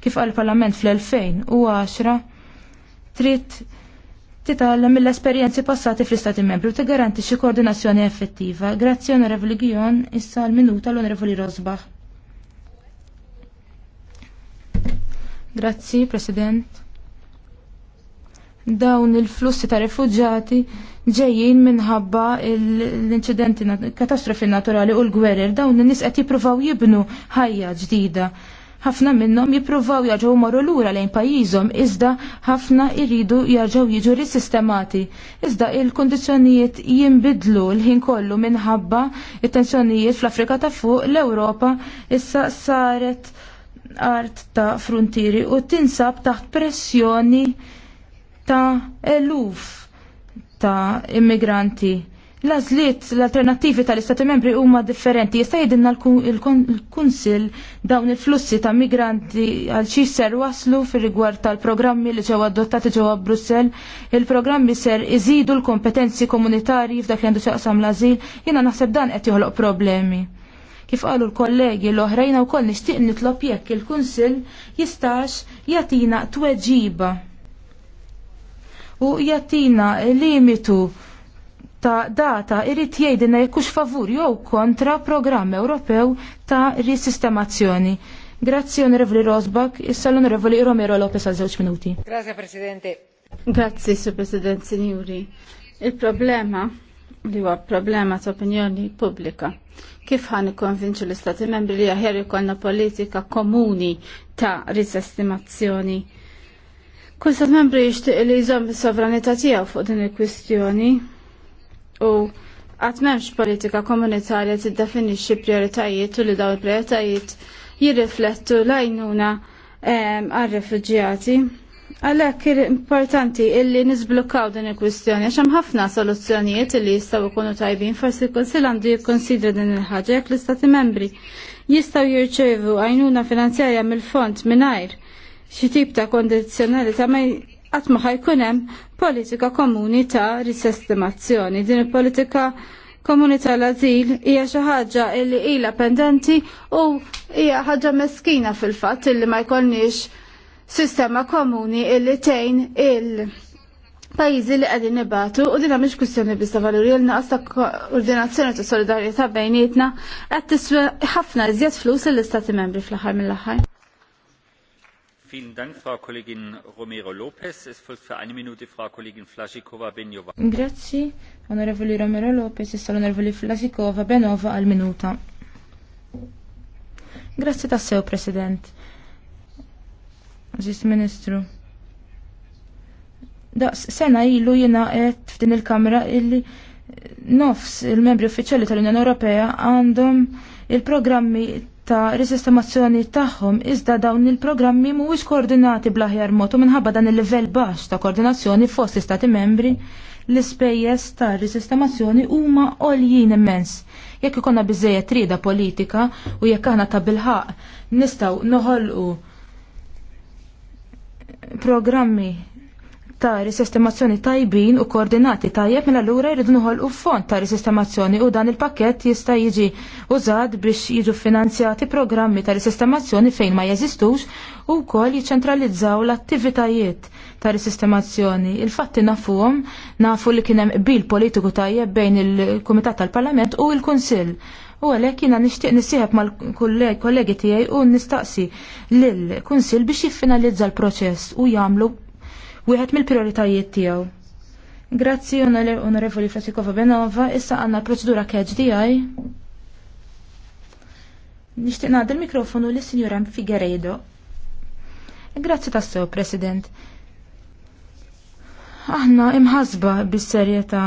kif għal parlament fl-2010 trid titgħallem mill-esperjenzi passati fl-Istati Membri u tigarantixxi koordinazzjoni effettiva. Grazzi Onorevoli Gion, issa l-minuta l-Onorevoli Rosbach. Grazzi, President. Dawn il-flussi ta' rifugġati ġejjin minħabba l-inċidenti, katastrofi naturali u l-gwerer. Dawn in-nies qed jippruvaw jibnu ħajja ġdida. Ħafna minnhom jippruvaw jaġgħu marru lura lejn pajjiżhom, iżda ħafna jridu jaġgħu jiġu risistemati. Iżda il-kundizzjonijiet jinbidlu l-ħin kollu minħabba it-tensjonijiet fl-Afrika ta' fuq l-Ewropa issa saret art ta' frontieri u tinsab taħt pressjoni ta' eluf ta' immigranti. L-azliet, l-alternativi tal-Istati membri huma differenti. Jista' jidinna l-Kunsill dawn il-flussi ta' migranti għal xi ser waslu fir rigward tal-programmi li ġew adottati ġewwa Brussell. Il-programmi ser iżidu l-kompetenzi komunitarji f'dak li għandu xaqsam l-azil, jiena naħseb dan qed joħloq problemi. Kif qalu l-kollegi l-oħrajna koll nixtieq nitlob jekk il-Kunsill jistax jagħtina tweġiba u jagħtina limitu ta' data irrit jgħidilna jekk hux favur jew kontra programm Ewropew ta' risistemazzjoni. Grazzi Onorevoli Rosbach, issa l-Onorevoli Romero Lopez għal żewġ minuti. Grazie Presidente. Grazzi Sur President Signori. Il-problema li huwa problema ta' opinjoni pubblika. Kif ħan ikkonvinċu l-Istati membri li aħjar jkollna politika komuni ta' rizestimazzjoni. Kull stat membri jixtieq li jżomm is-sovranità tiegħu fuq din il-kwistjoni u għat memx politika komunitarja tiddefinixxi prioritajiet u li daw il-prioritajiet jirriflettu l-għajnuna ehm, għal-refuġjati. Um, Għalhekk importanti illi niżblukkaw din il-kwistjoni għax hemm ħafna soluzzjonijiet illi jistgħu jkunu tajbin forsi l-Kunsill għandu jikonsidra din il-ħaġa jek l-Istati membri jistgħu jirċevu għajnuna finanzjarja mill-fond mingħajr xi tip ta' kondizzjonalità ma qatt ma ħajkun hemm politika komuni ta' risestimazzjoni. Din il-politika komuni tal-azil hija xi ħaġa illi ila pendenti u hija ħaġa meskina fil-fatt illi ma jkollniex sistema komuni illi tejn il- pajizi li għedin nibatu u dina mhix kustjoni bista ta' valuri l naqas koordinazzjoni ta' solidarieta bejnietna għed tiswa ħafna iżjed flus l istati Membri fl-aħħar mill-aħħar. Vielen Dank, Frau Kollegin Romero Lopez. Es folgt für eine Minute Frau Kollegin Flasikova Benjova. Grazie, Onorevoli Romero Lopez e Onorevoli Flasikova Benova al minuta. Grazie tassew, Presidente. Aziz Ministru. Daqs sena ilu jina qed f'din il-kamra illi nofs il-membri uffiċjali tal-Unjoni Ewropea għandhom il-programmi ta' risistemazzjoni tagħhom iżda dawn il-programmi mhuwiex koordinati bl-aħjar mod u minħabba dan il-livell baxx ta' koordinazzjoni fost l-istati membri l-ispejjeż ta' risistemazzjoni huma għoljin immens. Jekk ikonna biżejjed trieda politika u jekk aħna ta' bilħaq nistgħu noħolqu programmi ta' risistemazzjoni tajbin u koordinati tajjeb mela l-ura jridu u fond ta' risistemazzjoni u dan il-pakket jista' jiġi użad biex jiġu finanzjati programmi ta' risistemazzjoni fejn ma jeżistux u wkoll jiċċentralizzaw l-attivitajiet ta' risistemazzjoni. Il-fatti nafuhom nafu li kien hemm qbil politiku tajjeb bejn il-Kumitat tal-Parlament u l il kunsill u għalhekk jiena nixtieq nisieħeb mal-kollegi tiegħi u nistaqsi l kunsill biex jiffinalizza l-proċess u jagħmlu wieħed mill-prioritajiet tiegħu. Grazzi onorevoli Frasikova Benova, issa għanna l-proċedura tijaj. Nishtiq il mikrofonu li Signora Figueredo. Grazzi tassew, President. Aħna imħasba bis-serjetà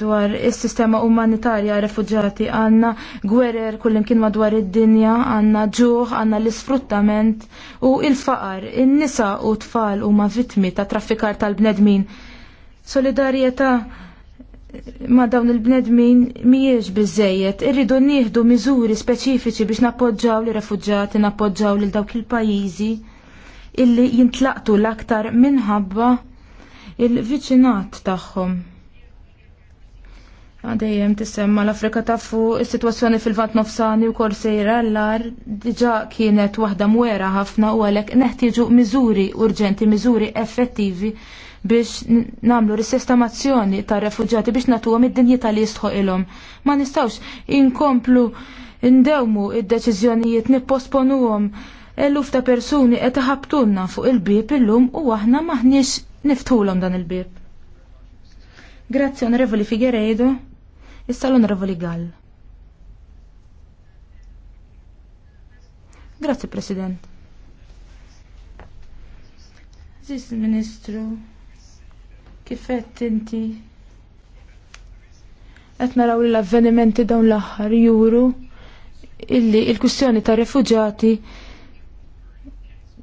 dwar is-sistema umanitarja refuġati għandna gwerer kullimkien madwar id-dinja, għandna ġuħ, għandna l-isfruttament u il-faqar, in-nisa u tfal huma vittmi ta' traffikar tal-bnedmin. Solidarjetà ma' dawn il-bnedmin mhijiex biżejjed, irridu nieħdu miżuri speċifiċi biex nappoġġaw l refuġati, nappoġġaw lil dawk il-pajjiżi illi jintlaqtu l-aktar minħabba il-viċinat tagħhom. Għadajem ah, tisemma l-Afrika ta' fu is-sitwazzjoni fil-vant nofsani u kol sejra l-ar diġa kienet waħda mwera ħafna u għalek neħtieġu miżuri urġenti, miżuri effettivi biex namlu risistamazzjoni ta' refugġati biex natuhom id dinji li jistħu ilhom. Ma nistawx inkomplu ndewmu id-deċiżjonijiet nipposponuhom eluf ta' persuni qed iħabtulna fuq il-bib illum u aħna maħniex niftulhom dan il-bib. Grazzi Onorevoli Figueredo, issa l-Onorevoli Gall. Grazzi President. Zis, Ministru, kifet inti qed naraw l-avvenimenti dawn l-aħħar juru illi il-kwistjoni ta' refugjati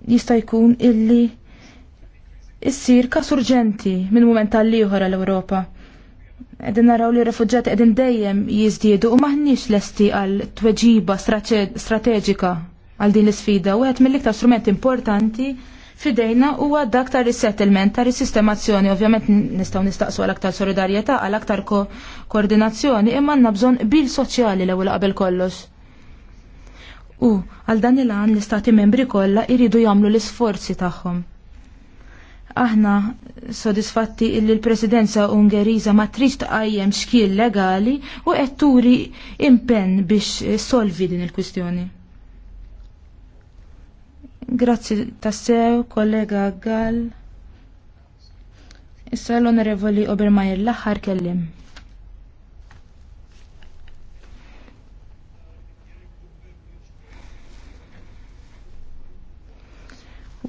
jista' jkun illi issir kas urġenti minn mument tal-liħor għall-Ewropa. Edin naraw li rifugġati edin dejjem jizdiedu u maħniex lesti għal tweġiba strateġika għal din l-sfida u għet mill-iktar strumenti importanti fidejna u dak ta' resettlement, ta' risistemazzjoni, ovvjament nistaw nistaqsu għal aktar solidarieta, għal aktar ko koordinazzjoni, imma nabżon bil soċjali l-ewel qabel kollox. U għal dan il-għan l-istati membri kollha iridu jagħmlu l-isforzi tagħhom Aħna sodisfatti illi l-presidenza ungeriza ma trix tqajjem xkiel legali u qed turi impenn biex solvi din il-kwistjoni. Grazzi tassew, kollega Gall. Issa l-Onorevoli Obermajer l-aħħar kellim.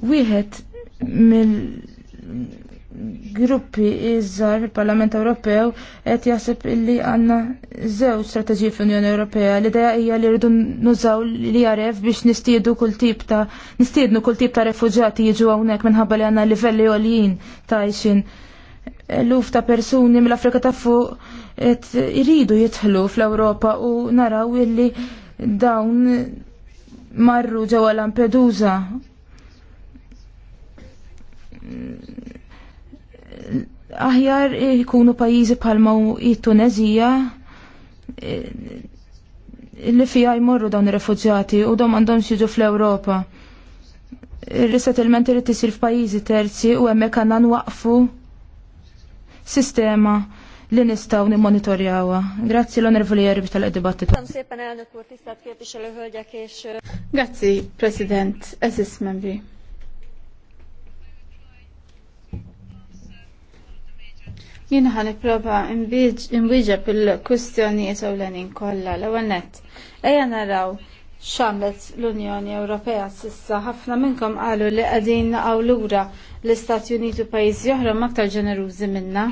Wieħed mill-gruppi iżżar il-Parlament Ewropew qed jaħseb illi għandna żewġ strateġiji fl-Unjoni Ewropea. L-idea hija li rridu nużaw li jaref biex nistiedu kull tip ta' nistiednu kull tip ta' refuġjati jiġu hawnhekk minħabba li għandna livelli għoljin ta' għajxin Luf ta' persuni mill-Afrika ta' fuq qed iridu jidħlu fl-Ewropa u naraw illi dawn marru ġewwa Lampedusa aħjar ikunu pajjiżi bħalma u it-Tunezija e, li fija jmorru dawn ir-refuġjati u dom għandhom jiġu fl-Ewropa. Ir-resettlement irid isir f'pajjiżi terzi u hemmhekk għandna nwaqfu sistema li nistaw nimmonitorjawha. Grazzi l-onorevoli Jerbi tal-dibattitu. Grazzi, President, Assist Membri. Jien ħan nipprova nwieġeb il-kwistjonijiet ewlenin kollha l-ewwel nett. Ejja naraw x'għamlet l-Unjoni Ewropea s'issa ħafna minnkom qalu li qegħdin naqgħu lura l-Istati Uniti pajjiżi oħra aktar ġenerużi minna.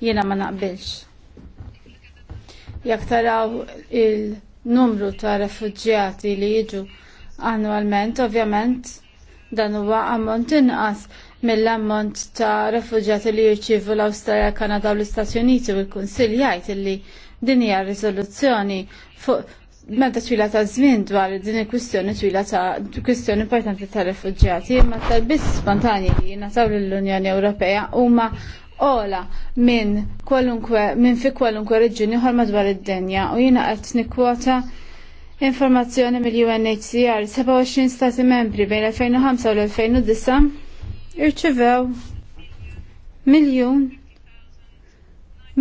Jiena ma naqbilx. Jak taraw il-numru ta' refuġjati li jiġu annwalment, ovvjament, dan huwa ammont inqas mill-ammont ta' refugjati li jirċivu l-Awstralja, Kanada u l-Istati Uniti u l kunsill jgħid li din hija riżoluzzjoni fuq meta twila ta' żmien dwar din il-kwistjoni twila ta' kwistjoni importanti ta' refugjati imma tal-biss spontani li jingħataw lill-Unjoni Ewropea huma ola minn kwalunkwe minn fi kwalunkwe reġjuni oħra madwar id-dinja u jiena qed nikkwota informazzjoni mill-UNHCR 27 stati membri bejn 2005 u l-2009 irċivew miljun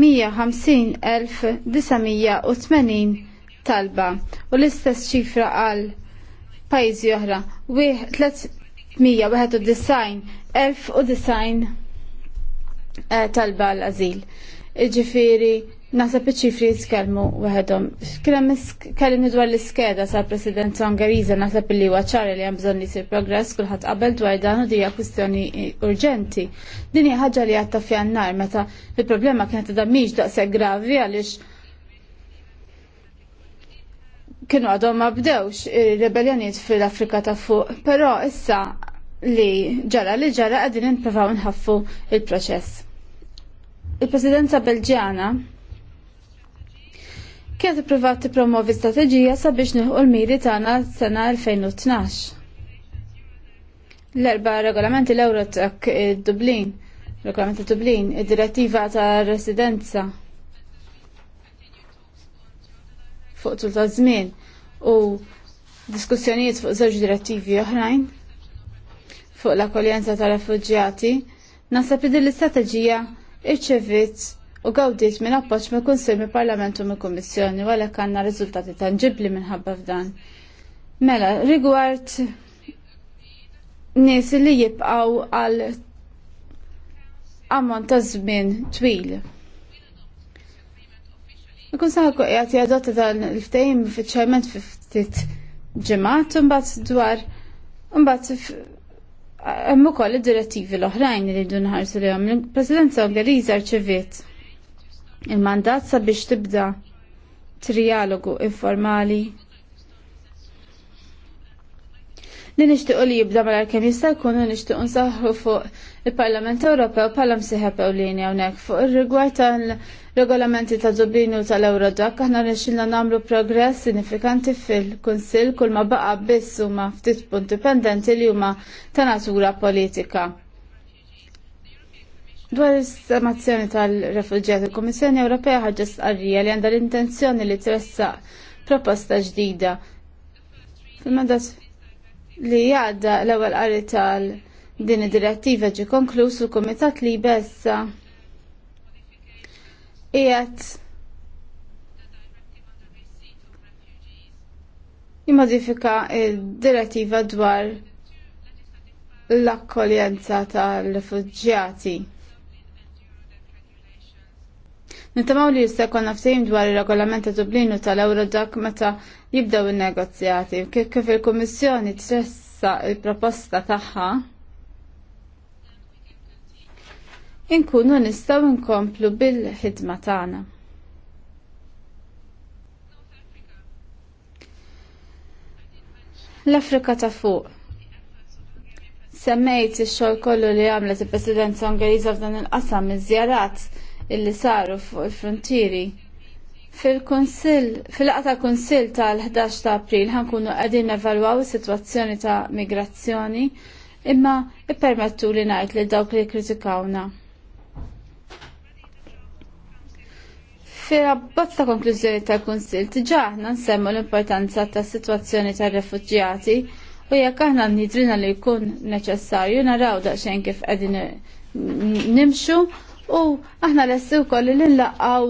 150.980 talba u l-istess ċifra għal pajjiżi oħra 391.000 eh, talba għal-azil. Ġifiri Nasab iċifri jitkelmu wahedhom. Kellim dwar l-iskeda sa' President Ungariza nasab li huwa ċari li hemm bżonn jisir progress kulħadd qabel dwar dan u dija kwistjoni urġenti. Din hija ħaġa li għadta fjannar meta il-problema kienet da mhix daqshekk gravi għaliex kienu għadhom ma bdewx rebellionijiet fil-Afrika ta' fuq, però issa li ġara li ġara qegħdin nipprovaw nħaffu il-proċess. Il-Presidenza Belġjana kienet ippruvat tippromovi strateġija sabiex nieħu l-miri tagħna sena 2012. L-erba regolamenti l-Euro Dublin, regolamenti Dublin, id-direttiva ta' residenza fuq tul ta' żmien u diskussjonijiet fuq żewġ direttivi oħrajn fuq l-akkoljenza ta' refuġjati, nasab li din l-istrateġija iċevit u gawdiet minn appoġġ me kunsil mill parlament u mill kummissjoni u għalhekk għandna riżultati tanġibli minħabba f'dan. Mela, rigward nies li jibqgħu għal ammont ta' żmien twil. Ikun saħku jgħati għadot dan il-ftehim fiċ-ċajment ġemat ftit ġimgħat imbagħad dwar imbagħad Hemm ukoll id-direttivi l-oħrajn li rridu nħarsu lihom. Il-Presidenza Ungheriża rċeviet il-mandat sabiex tibda trialogu informali li nixtiequ li jibda mara kemm jista' jkun nixtiequ nsaħħu fuq il-Parlament Ewropew bħala msieħeb ewlieni hawnhekk fuq ir-rigward tal-regolamenti ta' Dublin u tal-Eurodac aħna nixilna nagħmlu progress sinifikanti fil-Kunsill kull ma baqa' biss huma ftit punt dipendenti li huma ta' natura politika. Dwar is istamazzjoni tal-refuġjati, il-Kummissjoni Ewropea ħagġas stqarrija li għandha l-intenzjoni li tressaq proposta ġdida fil-mandat li jgħadda l-ewwel qari tal din id-direttiva ġi konkluż u kumitat li bessa qiegħed jimmodifika id-direttiva dwar l-akkoljenza tal refugġiati Nittamaw li jista' jkollna ftehim dwar ir regolamenta ta' Dublinu tal-Eurodac meta jibdew il negozjati kif il-Kummissjoni tressa il-proposta tagħha. Inkunu nistgħu nkomplu bil-ħidma tagħna. L-Afrika ta' fuq. Semmejt ix-xogħol kollu li għamlet il-Presidenza Ungeriża f'dan il-qasam iż-żjarat illi saru fuq il-frontieri. Fil-Konsil, fil-qata Konsil tal-11 ta' April ħankunu qegħdin evalwaw is-sitwazzjoni ta' migrazzjoni imma ippermettu li ngħid li dawk li kritikawna. Fil-abbozz konklużjoni tal kunsil diġà aħna nsemmu l-importanza ta' sitwazzjoni tar-refuġjati u jekk aħna nidrina li jkun neċessarju naraw xejn kif qegħdin nimxu u aħna l-essi wkoll li nlaqgħu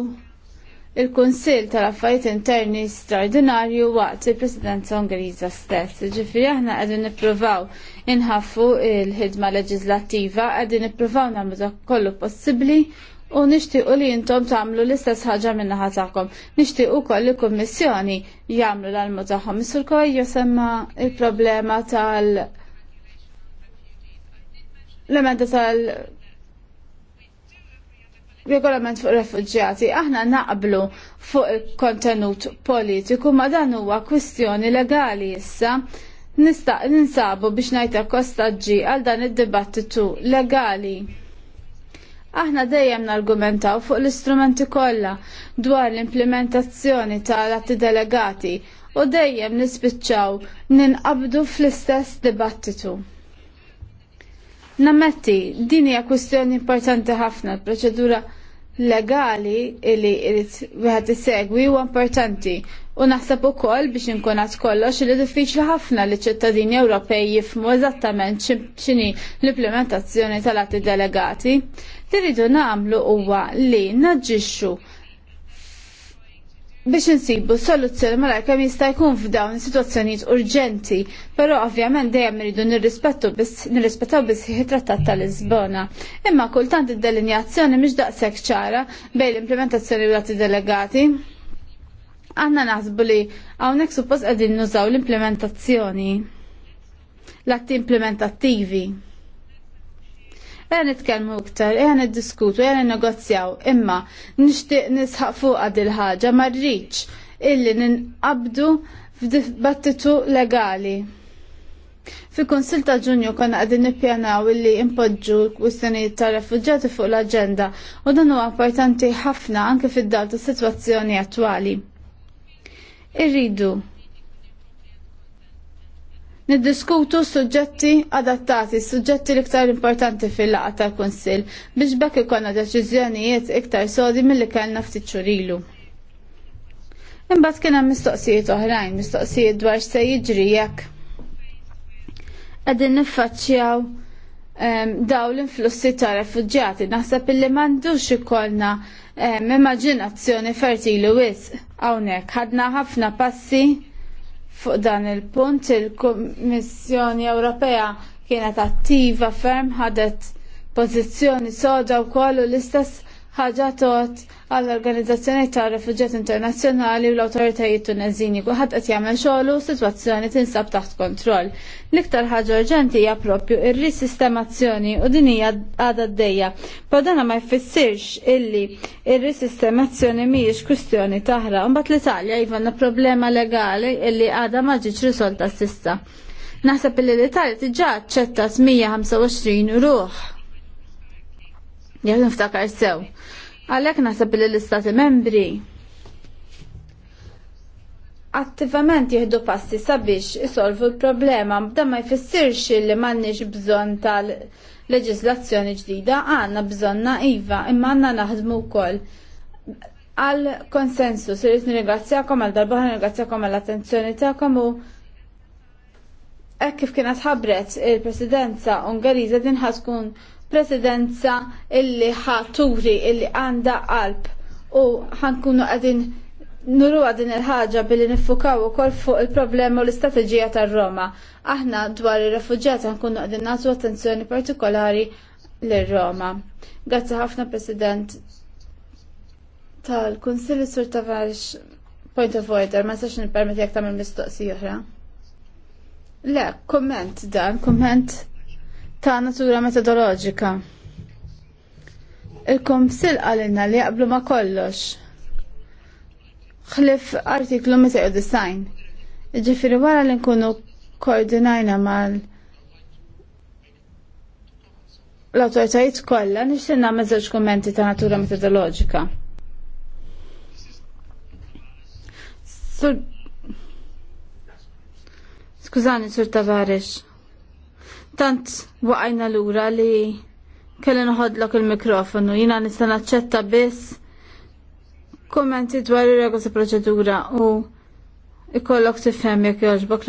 il-Kunsill tal-Affarijiet Interni straordinarju waqt il-Presidenza Ungeriża stess. Ġifieri aħna qegħdin nippruvaw inħaffu il-ħidma leġislattiva, qegħdin nippruvaw nagħmlu dak kollu possibbli u nixtiequ li jintom tagħmlu l-istess ħaġa min-naħa tagħkom. Nixtiequ wkoll il-Kummissjoni jagħmlu l-almu tagħhom. Missur Kojjo semma il-problema tal- l-emenda tal- regolament fuq refugjati, aħna naqblu fuq il-kontenut politiku, ma dan huwa kwistjoni legali issa. Nista' ninsabu biex ngħidha kostaġġi għal dan id-dibattitu legali. Aħna dejjem nargumentaw fuq l-istrumenti kollha dwar l-implementazzjoni tal-atti delegati u dejjem nispiċċaw ninqabdu fl-istess dibattitu. Nammetti, din hija kwestjoni importanti ħafna, l-proċedura legali li wieħed isegwi huwa importanti. U naħseb ukoll biex inkun għad kollox li diffiċli ħafna li ċittadini Ewropej jifmu eżattament x'inhi l-implementazzjoni tal-atti delegati. Li rridu nagħmlu huwa li naġġixxu biex insibu soluzzjoni mara kemm jista' jkun f'dawn sitwazzjonijiet urġenti, però ovvjament dejjem iridu nirrispettu biss nirrispettaw biss it-Trattat tal-Lisbona. Imma kultant id-delinjazzjoni mhix daqshekk ċara bejn l-implementazzjoni u delegati. Għanna naħsbu li hawnhekk suppost qegħdin nużaw l-implementazzjoni. L-atti implementattivi għan nitkelmu iktar, għan niddiskutu, għan negozjaw, imma nishtiq nisħaq fuqa dil-ħagġa marriċ illi ninqabdu f'dibattitu legali. Fi konsil ta' ġunju konna għadin nippjanaw illi impoġġu kwistjonijiet ta' refugġati fuq l-agenda u dan huwa importanti ħafna anke fid-dal ta' situazzjoni attwali. Irridu niddiskutu suġġetti adattati, suġġetti l-iktar importanti fil-laqa tal-Konsil biex bekk ikonna deċiżjonijiet iktar sodi mill-li kellna ftit xurilu. Imbagħad kien hemm mistoqsijiet oħrajn, mistoqsijiet dwar se jiġri jekk. Qegħdin niffaċċjaw ehm, daw l-influssi ta' refuġġjati, naħseb illi m'għandux ikollna ehm, immaġinazzjoni fertili wisq hawnhekk. Ħadna ħafna passi Fuq dan il-punt il-Kummissjoni Ewropea kienet attiva ferm ħadet pożizzjoni soda wkoll u l-istess ħaġa tot għall-Organizzazzjoni ta' Refuġjat Internazzjonali u l-Awtoritajiet Tunezini kulħadd qed jagħmel xogħlu sitwazzjoni tinsab taħt kontroll. L-iktar ħaġa urġenti hija proprju ir-risistemazzjoni u din hija għadha d-dejja. Padana ma jfissirx illi ir-risistemazzjoni mhijiex kwistjoni taħra. Mbagħad l-Italja jivanna problema legali illi għadha ma ġietx risolta s'issa. Naħseb illi l-Italja tiġà ċetta 125 ruħ Jek niftakar sew. Għalek nasab li l-istati membri attivament jihdu passi sabiex isolvu l-problema, b'da ma jfissirx li mannix bżon tal-leġislazzjoni ġdida, għanna bżon iva, imma għanna naħdmu kol għal konsensus, irrit nirringrazzjakom għal darba nirringrazzjakom għal attenzjoni ta'kom u hekk kif kienet ħabret il-presidenza Ungeriża din ħaskun tkun presidenza illi ħaturi illi għanda qalb u ħankunu għadin Nuru għadin il-ħagġa billi nifukaw u kol fuq il-problema u l-istrategija tar Roma. Aħna dwar il refugġat ħankunu għadin nazu attenzjoni partikolari l-Roma. Grazzi ħafna President tal-Kunsilli Sur Tavarix Point of Order, ma sax nipermet jek tamil mistoqsi oħra. Le, komment dan, komment ta' natura metodoloġika. Il-Komsil għalina li jaqblu ma' kollox. Xlif artiklu design. Ġifiri wara li nkunu koordinajna mal l-autoritajiet kolla nixtieq nagħmel żewġ kummenti ta' natura metodoloġika. Skużani, Sur Tavares tant waqajna lura li kelli noħodlok il-mikrofonu, jina nista' naċċetta biss kommenti dwar ir-regola proċedura u ikollok tifhem jekk jogħġbok